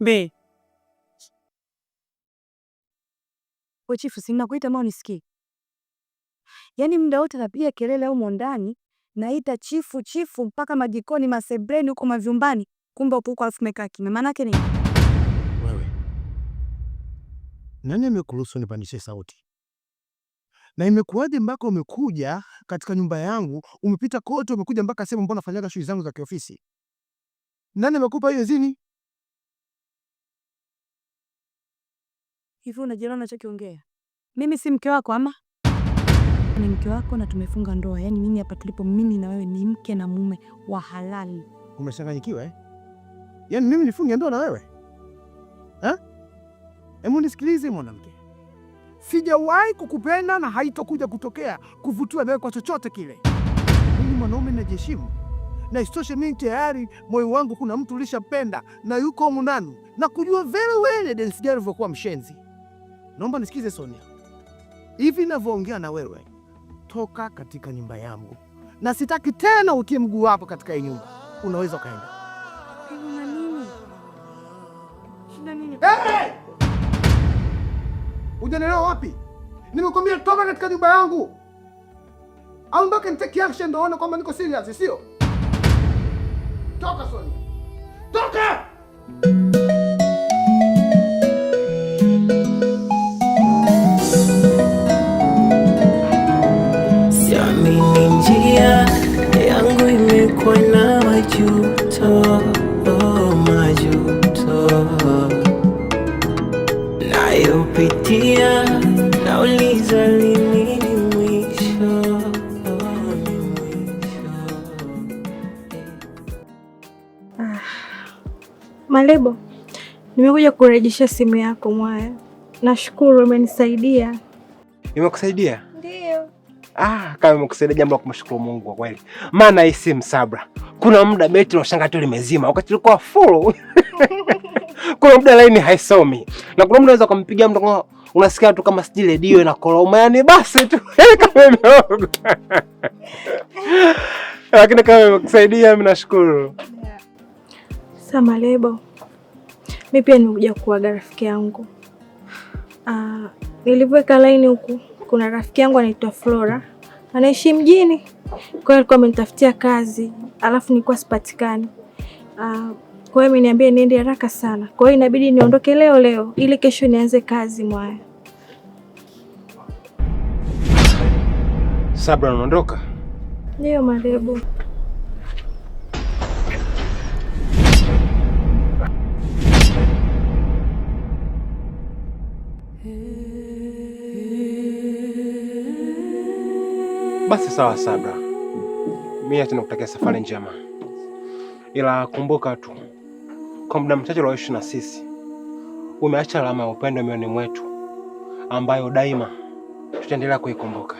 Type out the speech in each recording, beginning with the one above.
Mbe. Wewe chifu, si nakuita mao unisikii? Yaani muda wote napiga kelele humo ndani, naita chifu chifu mpaka majikoni, masebreni huko mavyumbani, kumbe upo huko alafu umekaa kimya. Maana yake nini? Wewe. Nani amekuruhusu nipandishe sauti? Na imekuwaje mpaka umekuja katika nyumba yangu, umepita kote, umekuja mpaka sehemu mbona nafanyaga shughuli zangu za kiofisi? Nani amekupa hiyo zini? Hivi unajiona unachokiongea? Mimi si mke wako ama? Ni mke wako na tumefunga ndoa. Yaani mimi hapa tulipo mimi na wewe ni mke na mume wa halali. Umechanganyikiwa eh? Yaani mimi nifunge ndoa na wewe? Ha? Eh? Emu nisikilize mwanamke. Sijawahi kukupenda na haitokuja kutokea kuvutiwa nawe kwa chochote kile. Mimi mwanaume najiheshimu. Na isitoshe mimi tayari moyo wangu kuna mtu ulishapenda na yuko humu na kujua vile wewe jinsi gani ulivyokuwa mshenzi. Naomba nisikize Sonia, hivi ninavyoongea na wewe, toka katika nyumba yangu na sitaki tena utie mguu wako katika hii nyumba. Unaweza ukaenda. Hey! wapi? Nimekwambia toka katika nyumba yangu au mpaka nitake action ndio uone kwamba niko serious, sio? Toka Sonia, toka! niliyopitia, nauliza lini ni mwisho. Ah, Malebo, nimekuja kurejesha simu yako mwaya. Nashukuru, umenisaidia. Nimekusaidia? Ndio. Ah, kama nimekusaidia jambo la kumshukuru Mungu kwa kweli, maana hii simu sabra, kuna muda beti na ushanga tu limezima wakati ulikuwa full Kuna muda laini haisomi, na kuna muda unaweza kumpigia mtu unasikia tu kama siji redio na koroma, yani basi tu yaani kama imeoga lakini kama imekusaidia mimi nashukuru. Sama lebo, mimi pia nimekuja kuaga rafiki yangu. Uh, nilivyoweka laini huku, kuna rafiki yangu anaitwa Flora anaishi mjini, kwa hiyo alikuwa amenitafutia kazi, alafu nilikuwa sipatikani. Uh, kwa hiyo ameniambia niende haraka sana, kwa hiyo inabidi niondoke leo leo ili kesho nianze kazi. Mwaya Sabra, unaondoka? Ndio madebu. Basi sawa Sabra, mimi acha nakutakia safari njema, ila kumbuka tu kwa muda mchache ulioishi na sisi, umeacha alama ya upendo mioyoni mwetu ambayo daima tutaendelea kuikumbuka.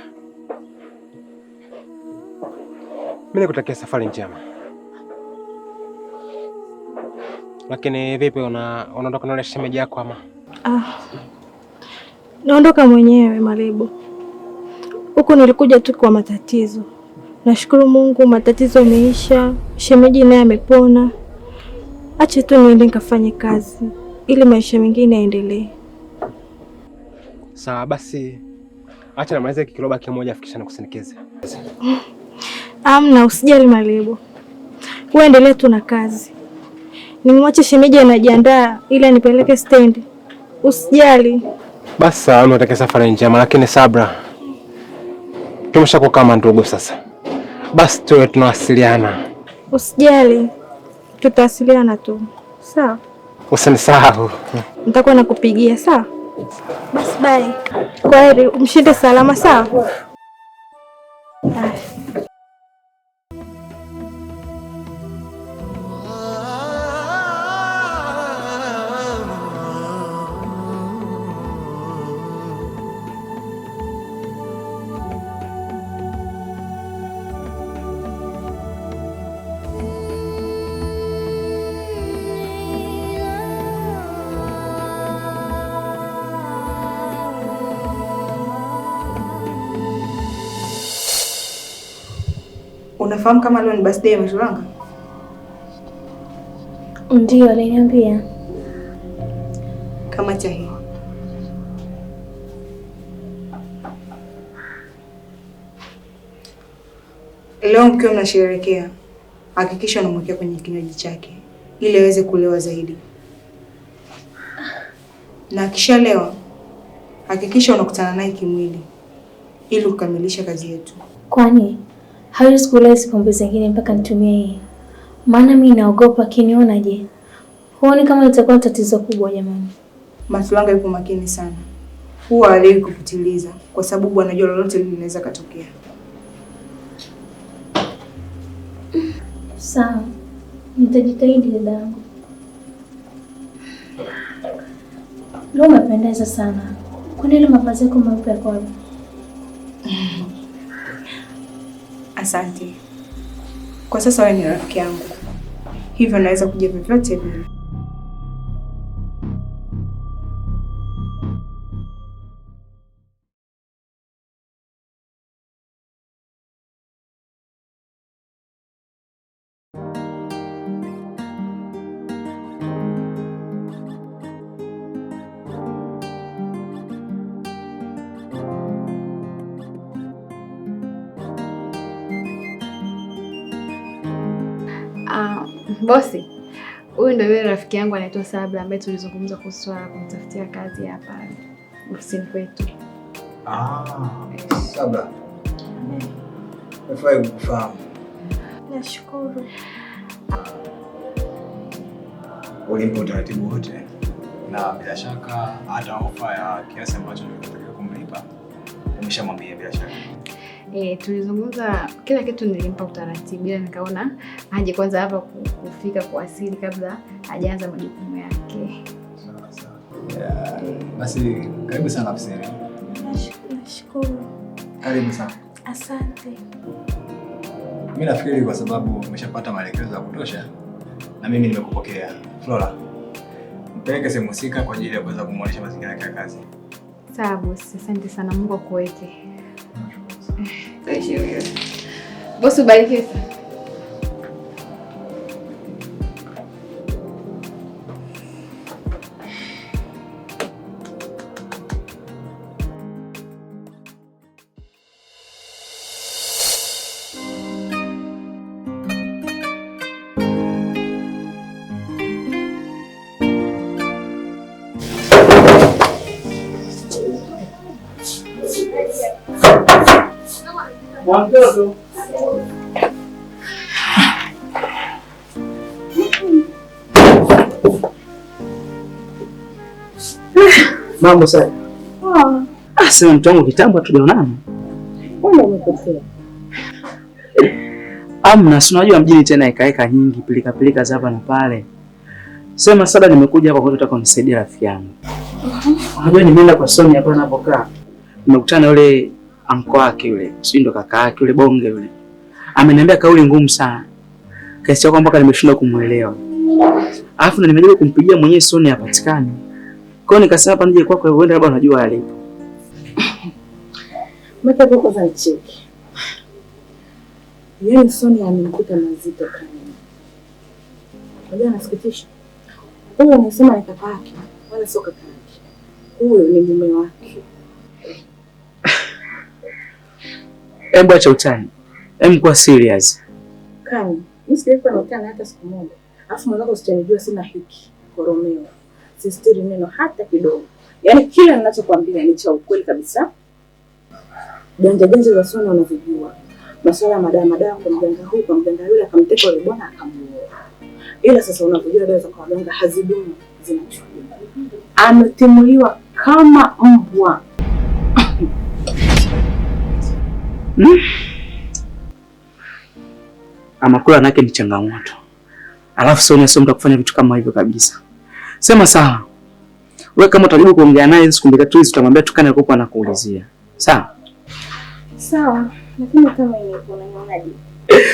Mimi nikutakia safari njema. Lakini vipi, unaondoka na shemeji yako ama? Ah, naondoka mwenyewe malibu Huku nilikuja tu kwa matatizo, nashukuru Mungu matatizo yameisha, shemeji naye amepona. Acha tu niende nikafanye kazi ili maisha mengine yaendelee. Sawa basi, acha namaliza kikiroba kimoja, afikisha nakusindikize. Amna, ah, usijali Malebo, uendelee tu na kazi. Nimwache shemeji anajiandaa ili anipeleke stendi, usijali. Basi sawa, nataka safari njema, lakini Sabra, tumeshakuwa kama ndugu sasa. Basi tuwe tunawasiliana, usijali tutawasiliana tu sawa. Usinisahau, nitakuwa nakupigia sawa. Basi bye, heri, umshinde salama sawa. unafahamu kama leo ni birthday ya Masholanga? Ndio, aliniambia kama cha hiyo. Leo mkiwa mnasherehekea, hakikisha unamwekea kwenye kinywaji chake ili aweze kulewa zaidi, na akishalewa hakikisha unakutana naye kimwili ili kukamilisha kazi yetu. Kwani hawezi kulaizi pombe zingine mpaka nitumie hii, maana mi naogopa je Huoni kama litakuwa tatizo kubwa? Jamani, Masulanga yuko makini sana, huwa alii kupitiliza kwa sababu anajua lolote linaweza katokea. Sawa, nitajitahidi dadangu. Leo umependeza sana, kwani ile mavazi yako meupe yako Asante. Kwa sasa wewe ni rafiki yangu, hivyo naweza kuja vyovyote vile. Bosi, huyu ndio yule rafiki yangu anaitwa Sabla ambaye tulizungumza kuhusu swala kumtafutia kazi hapa ofisini kwetu. Ah, mm. Nafurahi kukufahamu. Nashukuru. ulipo utaratibu wote na bila shaka hata ofa ya kiasi ambacho nilitakiwa kumlipa umeshamwambia bila shaka. E, tulizungumza kila kitu, nilimpa utaratibu, ila nikaona aje kwanza hapa kufika kuasili kabla hajaanza majukumu yake. Basi karibu sana Afsiri. Nashukuru. Karibu sana. Asante. Mi nafikiri kwa sababu umeshapata maelekezo ya kutosha na mimi nimekupokea. Flora, mpeleke sehemu husika kwa ajili ya kuweza kumwonyesha mazingira yake ya kazi. Sawa bosi, asante sana, Mungu akuweke. Teşekkür ederim. Bu su na mtoto sasa. sana. Ah. Ah, sema mtu wangu, kitambo hatujaonana. Amna, si unajua mjini tena ikaeka nyingi pilika pilika za hapa na pale. Sema sasa nimekuja hapa kwa kutaka kunisaidia rafiki yangu. Mhm. Unajua nimeenda kwa Sonia hapa anapokaa. Nimekutana yule amko wake yule, si ndo kaka yake yule bonge yule, ameniambia kauli ngumu sana kiasi cha kwamba mpaka nimeshindwa kumwelewa, alafu na nimejaribu kumpigia mwenyewe sioni hapatikani. Kwa hiyo nikasema hapa nje kwako, huenda labda unajua alipo. Mata boko za cheki. Yeye yaani sioni amemkuta mazito kama. Unajua nasikitisha. Huyo unasema ni kaka yake, wala sio kaka yake. Huyo ni mume wake. Hebu acha utani. Hebu kuwa serious. Kani, mimi sijaikuwa na utani hata siku moja. Alafu mwanzo usitanijua sina hiki. Koromeo. Sistiri neno hata kidogo. Yaani kila ninachokuambia ni cha ukweli kabisa. Janja janja za sona unavijua. Masuala ya madaa madaa kwa mganga huyu kwa mganga yule akamteka yule bwana akamuoa. Ila sasa unavijua dawa za mganga hazidumu, zinachukua. Ametimuliwa kama mbwa. Hmm? Ama Amakula nake ni changamoto, alafu Sonia sio mtu kufanya vitu kama hivyo kabisa. Sema sawa, wewe kama utajibu kuongea naye siku mbili tatu hizi, utamwambia tu kana alikopo anakuulizia sawa sawa. Lakini kama ilikuwa unaonaje?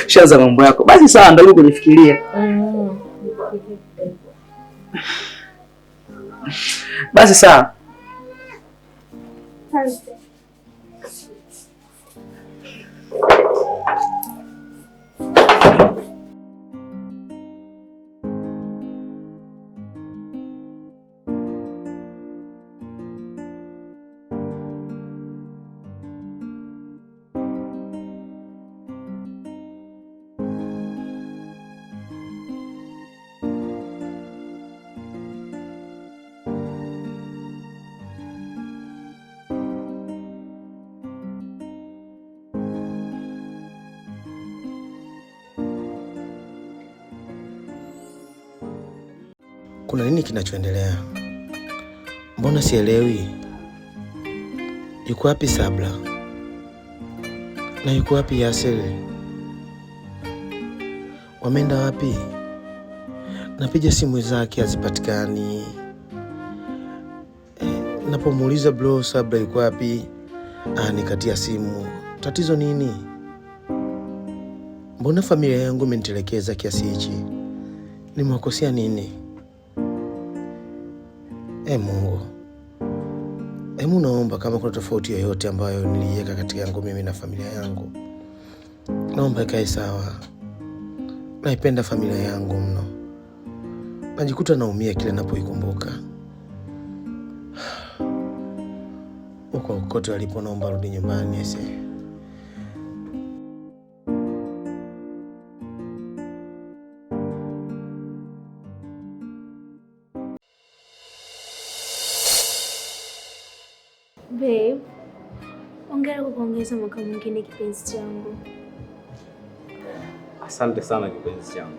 Shaza mambo yako basi, sawa, ndio kujifikiria mm. basi sawa. kuna nini kinachoendelea? Mbona sielewi? Yuko wapi Sabla na yuko wapi Yaseli? Wameenda wapi? Napiga simu zake hazipatikani. E, napomuuliza bro, Sabla yuko wapi? Anikatia ah, simu. Tatizo nini? Mbona familia yangu imenitelekeza kiasi hichi? Nimewakosea nini? E Mungu, hebu naomba kama kuna tofauti yoyote ambayo niliiweka kati yangu mimi na familia yangu, naomba ikae sawa. Naipenda familia yangu mno, najikuta naumia kila napoikumbuka. Uko kote walipo, naomba rudi nyumbani ese kuongeza mwaka mwingine, kipenzi changu. Asante sana kipenzi changu.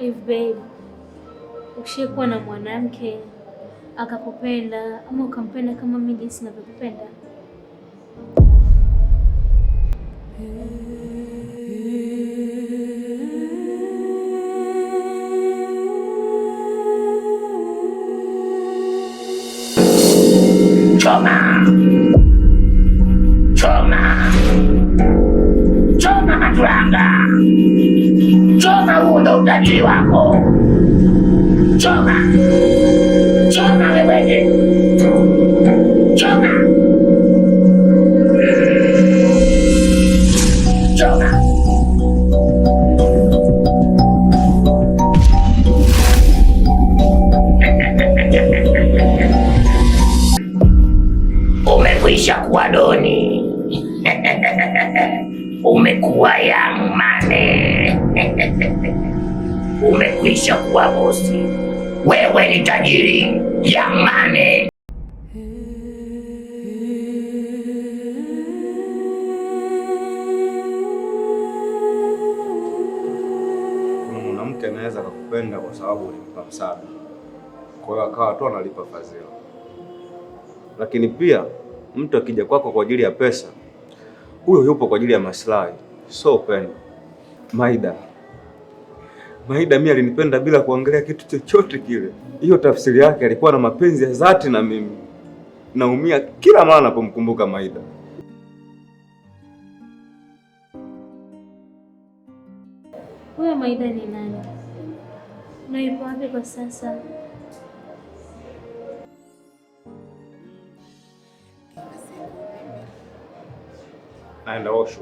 If babe, ukishakuwa na mwanamke akakupenda ama ukampenda kama mimi jinsi ninavyokupenda. Choma. Choma. Choma matwanga. Choma huo ndo utaji wako. Choma. Umekwisha kuwa doni. Umekuwa yamane mane. Umekwisha kuwa bosi wewe ni tajiri jamani. Mwanamke anaweza kukupenda kwa sababu ulimpa msaada, kwa hiyo akawa tu analipa fadhila. Lakini pia mtu akija kwako kwa ajili ya pesa, huyo yupo kwa ajili ya maslahi, so upendo. Maida Maida mimi alinipenda bila kuangalia kitu chochote kile. Hiyo tafsiri yake alikuwa na mapenzi ya dhati na mimi. Naumia kila mara napomkumbuka Maida. Wewe Maida ni nani? Na yupo wapi kwa sasa? Naenda osho.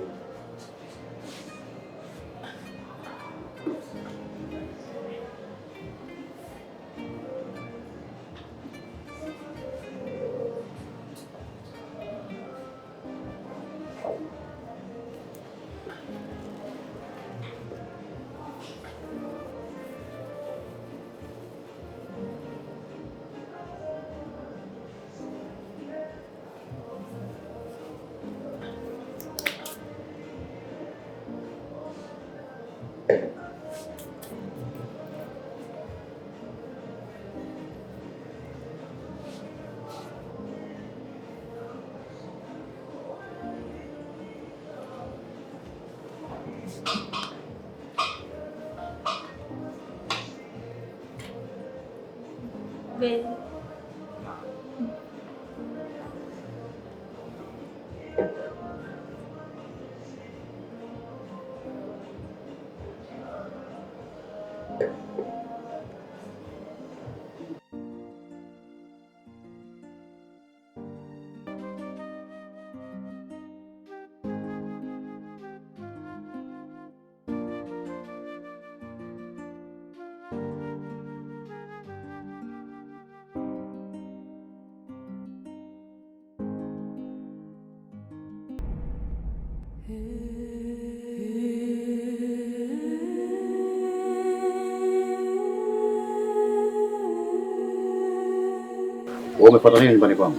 Wewe umepata nini nyumbani kwangu?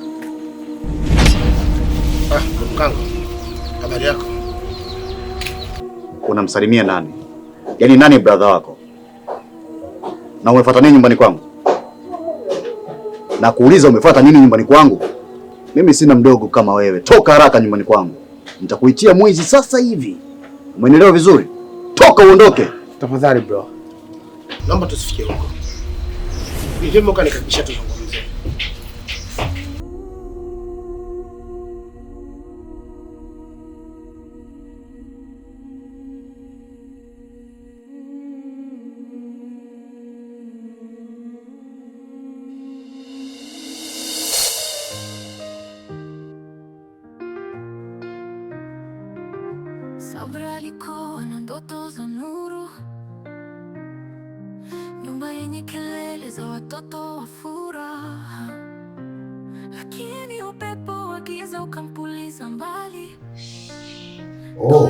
Ah, mkangu. Habari yako? Unamsalimia nani? Yaani nani brother wako? Na umefuata nini nyumbani kwangu? Na kuuliza umefuata nini nyumbani kwangu? Mimi sina mdogo kama wewe. Toka haraka nyumbani kwangu. Nitakuitia mwizi sasa hivi. Umeelewa vizuri? Toka uondoke. Tafadhali bro. Naomba tusifike huko. Ni vyema ukanikabisha tu. Oh.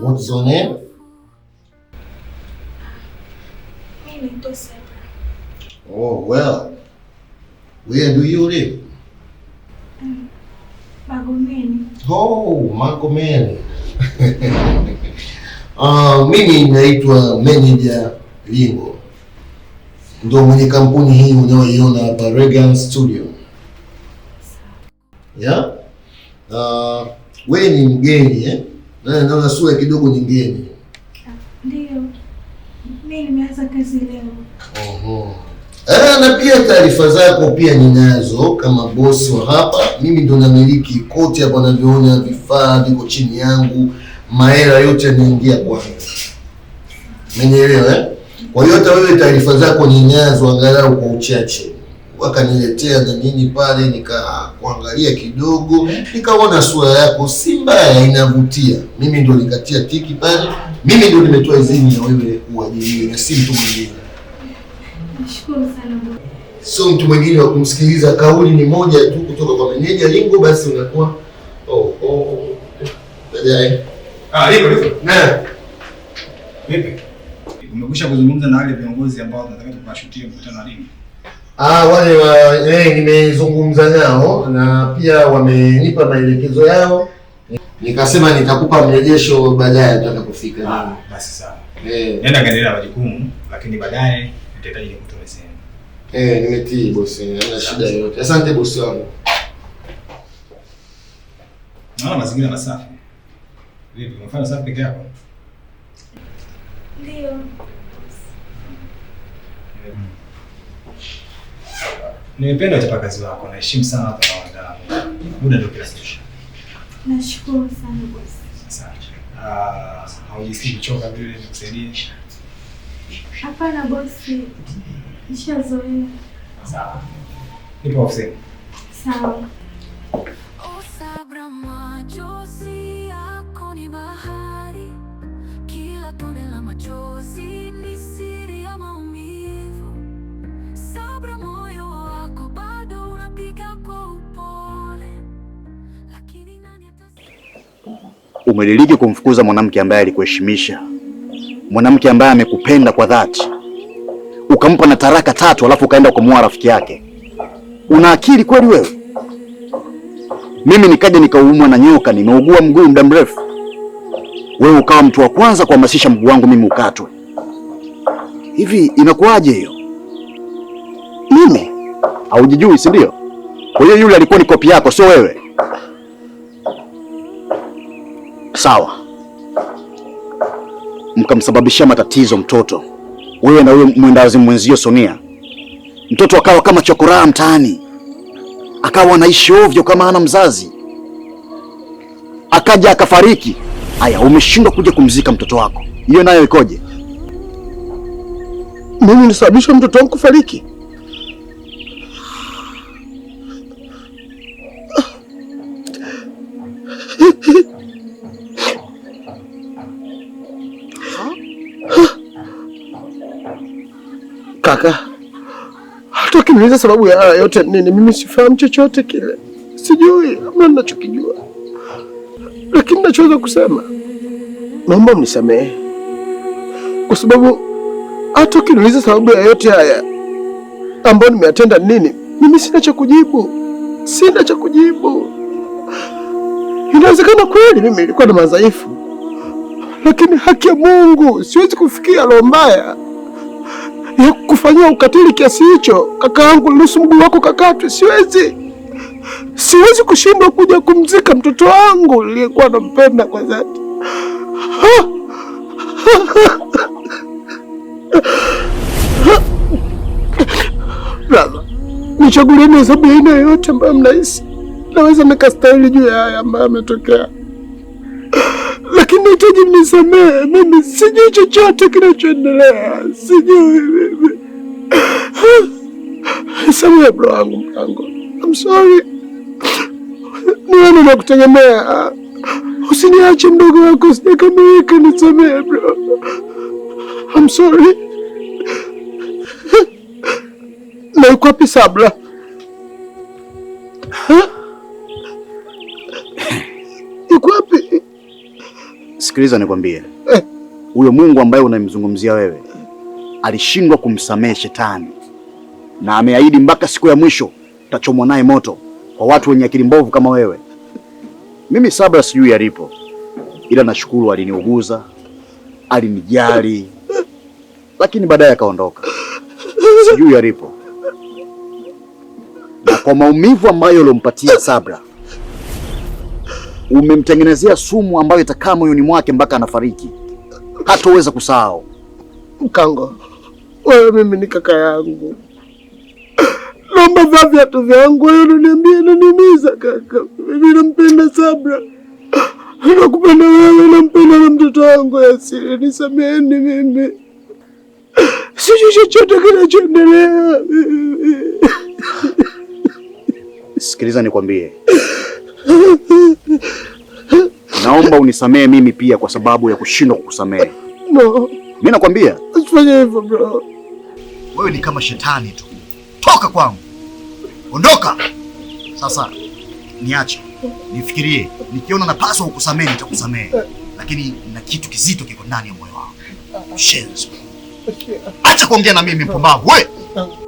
What's your name? Mimi naitwa Zebra. Oh, well. Where do you live? Mm. Magomeni. Oh, Magomeni. Uh, mimi naitwa manager Lingo, ndo mwenye kampuni hii unayoiona hapa Regan Studio. Yeah? Uh, we ni mgeni eh? Naona sura kidogo ni mgeni. Ah, ndio. Mimi nimeanza kazi leo. Oho. Ah, na pia taarifa zako pia ninazo kama bosi wa hapa. Mimi ndo namiliki koti hapa, unavyoona vifaa viko chini yangu, mahera yote yanaingia kwangu. Umenielewa eh? Kwa hiyo hata wewe taarifa zako ninazo angalau kwa uchache wakaniletea na nini pale, nikakuangalia kidogo, nikaona sura yako si mbaya, inavutia. Mimi ndio nikatia tiki pale, mimi ndio nimetoa idhini ya wewe uajiriwe na si mtu mwingine. Nashukuru sana. Sio mtu mwingine wa kumsikiliza, kauli ni moja tu kutoka kwa meneja Lingo, basi unakuwa oh, oh. oh. Baadaye ah, liko liko na vipi, umekwisha kuzungumza na wale viongozi ambao tunataka tukashutie mkutano wa Lingo? Ah, wale wa eh, nimezungumza nao na pia wamenipa maelekezo yao, nikasema nitakupa mrejesho baadaye tutakapofika. Ah, basi sawa. Eh, nenda yaani kaendelea majukumu, lakini baadaye nitahitaji nikutoe sehemu. Eh, nimetii bosi, hana shida yoyote. Asante bosi wangu. Naona mazingira masafi. Vipi, unafanya safi peke yako? Ndio. Mm. Nimependa utapakazi wako, naheshimu sana hapa na wadau. Muda ndio kila kitu. Nashukuru sana boss. Asante. Ah, haujisikii kuchoka vile ni kusaidia? Hapana boss. Nishazoea. Sawa. Nipo ofisini. Sawa. Umeliliki kumfukuza mwanamke ambaye alikuheshimisha, mwanamke ambaye amekupenda kwa dhati, ukampa na taraka tatu, alafu ukaenda ukamwoa rafiki yake. Una akili kweli wewe? Mimi nikaja nikaumwa na nyoka, nimeugua mguu muda mrefu, wewe ukawa mtu wa kwanza kuhamasisha mguu wangu mimi ukatwe. Hivi inakuwaje hiyo? Mimi haujijui, si ndio? Kwa hiyo yule alikuwa ni kopi yako, sio wewe. sawa, mkamsababishia matatizo mtoto, wewe na huyo mwendawazimu mwenzio Sonia. Mtoto akawa kama chokoraa mtaani, akawa anaishi ovyo kama ana mzazi, akaja akafariki. Aya, umeshindwa kuja kumzika mtoto wako, hiyo nayo ikoje? Mimi nisababisha mtoto wangu kufariki? Kaka, hata ukiniuliza sababu ya haya yote nini, mimi sifahamu chochote kile, sijui, hamna ninachokijua, lakini nachoweza kusema, naomba mnisamehe kwa sababu hata ukiniuliza sababu ya yote haya ambayo nimeyatenda nini, mimi sina cha kujibu, sina cha kujibu. Inawezekana kweli mimi nilikuwa na madhaifu, lakini haki ya Mungu, siwezi kufikia roho mbaya ya kufanyia ukatili kiasi hicho. kaka yangu nusu mguu wako kakatwe, siwezi siwezi kushindwa kuja kumzika mtoto wangu niliyekuwa nampenda kwa dhati. Baba, nichagulieni hesabu ya aina yoyote ambayo mnahisi naweza nikastahili juu ya haya ambayo ametokea lakini nahitaji mnisamehe, mimi sijui chochote kinachoendelea, sijui mimi. Samehe bro wangu, mkango, I'm sorry, ni wewe nakutegemea. Usiniache mdogo wako, sijakamilika, nisamehe bro, I'm sorry. Na uko wapi Sikiliza nikwambie, eh. huyo Mungu ambaye unamzungumzia wewe alishindwa kumsamehe shetani, na ameahidi mpaka siku ya mwisho tachomwa naye moto, kwa watu wenye akili mbovu kama wewe. Mimi Sabra sijui alipo, ila nashukuru aliniuguza, alinijali, lakini baadaye akaondoka. Sijui alipo, na kwa maumivu ambayo ulompatia Sabra umemtengenezea sumu ambayo itakaa moyoni mwake mpaka anafariki, hatoweza kusahau. Mkango wewe, mimi ni kaka yangu, naomba vaa viatu vyangu. Wewe unaniambia nanimiza, kaka, mimi nampenda Sabra, nakupenda wewe, nampenda na mtoto wangu Yasiri. Nisameheni mimi, sijui chochote kinachoendelea. Sikiliza nikwambie Naomba unisamehe mimi pia kwa sababu ya kushindwa kukusamehe. No. Mimi nakwambia usifanye hivyo bro. Wewe ni kama shetani tu. Toka kwangu. Ondoka. Sasa niache. Nifikirie. Nikiona napaswa kukusamehe nitakusamehe. Lakini na kitu kizito kiko ndani ya moyo wangu wako. Acha kuongea na mimi mpumbavu wewe. Ah.